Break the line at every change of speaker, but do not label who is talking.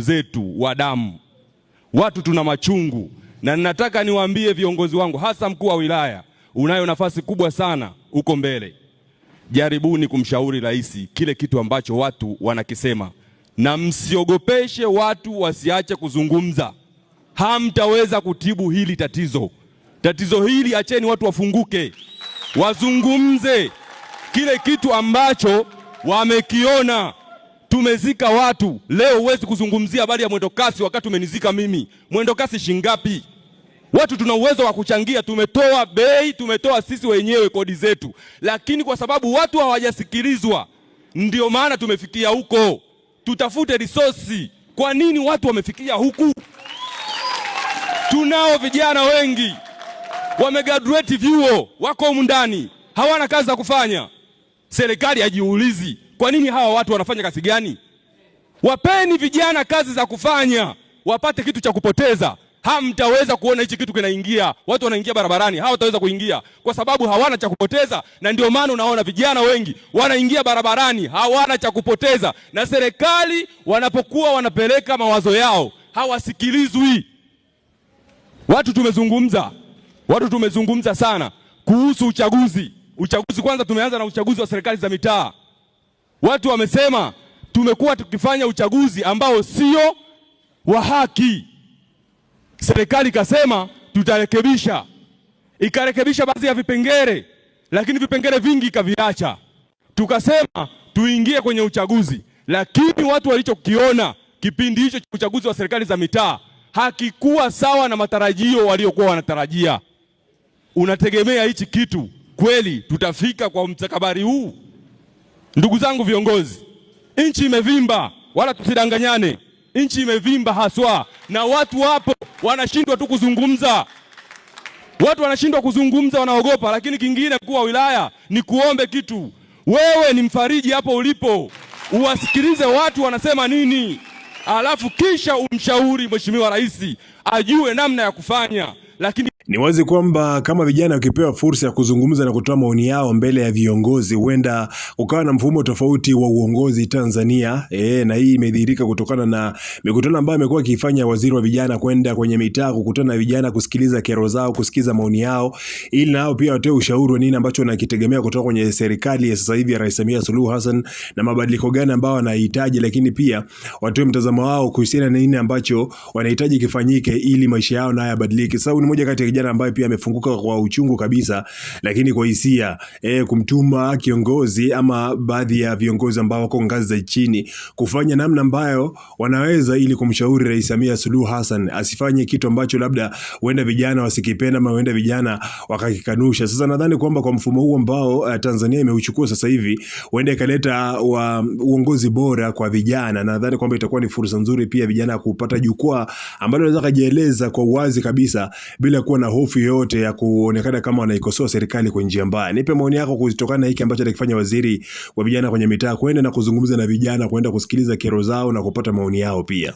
zetu wa damu, watu tuna machungu, na ninataka niwaambie viongozi wangu, hasa mkuu wa wilaya, unayo nafasi kubwa sana huko mbele. Jaribuni kumshauri rais kile kitu ambacho watu wanakisema, na msiogopeshe watu wasiache kuzungumza. Hamtaweza kutibu hili tatizo. Tatizo hili acheni watu wafunguke, wazungumze kile kitu ambacho wamekiona. Tumezika watu leo, huwezi kuzungumzia habari ya mwendokasi wakati umenizika mimi. Mwendokasi shingapi? Watu tuna uwezo wa kuchangia, tumetoa bei, tumetoa sisi wenyewe kodi zetu, lakini kwa sababu watu hawajasikilizwa, ndio maana tumefikia huko. Tutafute risosi. Kwa nini watu wamefikia huku? Tunao vijana wengi wamegraduate vyuo, wako humu ndani, hawana kazi za kufanya. Serikali hajiulizi kwa nini hawa watu wanafanya kazi gani? Wapeni vijana kazi za kufanya, wapate kitu cha kupoteza. Hamtaweza kuona hichi kitu kinaingia, watu wanaingia barabarani, wataweza kuingia kwa sababu hawana cha kupoteza. Na ndio maana unaona vijana wengi wanaingia barabarani, hawana cha kupoteza. Na serikali wanapokuwa wanapeleka mawazo yao hawasikilizwi. Watu tumezungumza, watu tumezungumza sana kuhusu uchaguzi. Uchaguzi kwanza, tumeanza na uchaguzi wa serikali za mitaa. Watu wamesema tumekuwa tukifanya uchaguzi ambao sio wa haki. Serikali ikasema tutarekebisha, ikarekebisha baadhi ya vipengele, lakini vipengele vingi ikaviacha. Tukasema tuingie kwenye uchaguzi, lakini watu walichokiona kipindi hicho cha uchaguzi wa serikali za mitaa hakikuwa sawa na matarajio waliokuwa wanatarajia. Unategemea hichi kitu kweli tutafika kwa mtakabari huu? Ndugu zangu viongozi, nchi imevimba, wala tusidanganyane. Nchi imevimba haswa, na watu wapo wanashindwa tu kuzungumza, watu wanashindwa kuzungumza, wanaogopa. Lakini kingine, mkuu wa wilaya, ni kuombe kitu, wewe ni mfariji hapo ulipo, uwasikilize watu wanasema nini, alafu kisha umshauri Mheshimiwa Rais ajue namna ya kufanya, lakini
ni wazi kwamba kama vijana wakipewa fursa ya kuzungumza na kutoa maoni yao mbele ya viongozi, huenda ukawa na mfumo tofauti wa uongozi Tanzania. E, na hii imedhihirika kutokana na mikutano ambayo amekuwa akifanya waziri wa vijana, kwenda kwenye mitaa kukutana na vijana, kusikiliza kero zao, kusikiliza maoni yao, ili nao pia watoe ushauri wa nini ambacho wanakitegemea kutoka kwenye serikali ya sasa hivi ya Rais Samia Suluhu Hassan na mabadiliko gani ambayo wanahitaji, lakini pia watoe mtazamo wao kuhusiana na nini ambacho wanahitaji kifanyike ili maisha yao nayo yabadilike. Sababu ni moja kati ya kijana ambaye pia amefunguka kwa uchungu kabisa, lakini kwa hisia e, kumtuma kiongozi ama baadhi ya viongozi ambao wako ngazi za chini kufanya namna ambayo wanaweza ili kumshauri Rais Samia Suluhu Hassan asifanye kitu ambacho labda huenda vijana wasikipenda ama huenda vijana wakakikanusha. Sasa nadhani kwamba kwa mfumo huu ambao uh, Tanzania imeuchukua sasa hivi huenda ikaleta wa uongozi bora kwa vijana. Nadhani kwamba itakuwa ni fursa nzuri pia vijana kupata jukwaa ambalo wanaweza kujieleza kwa uwazi kabisa bila kuwa na hofu yoyote ya kuonekana kama wanaikosoa serikali kwa njia mbaya. Nipe maoni yako kutokana na hiki ambacho atakifanya waziri wa vijana kwenye mitaa, kwenda na kuzungumza na vijana, kwenda kusikiliza kero zao na kupata maoni yao pia.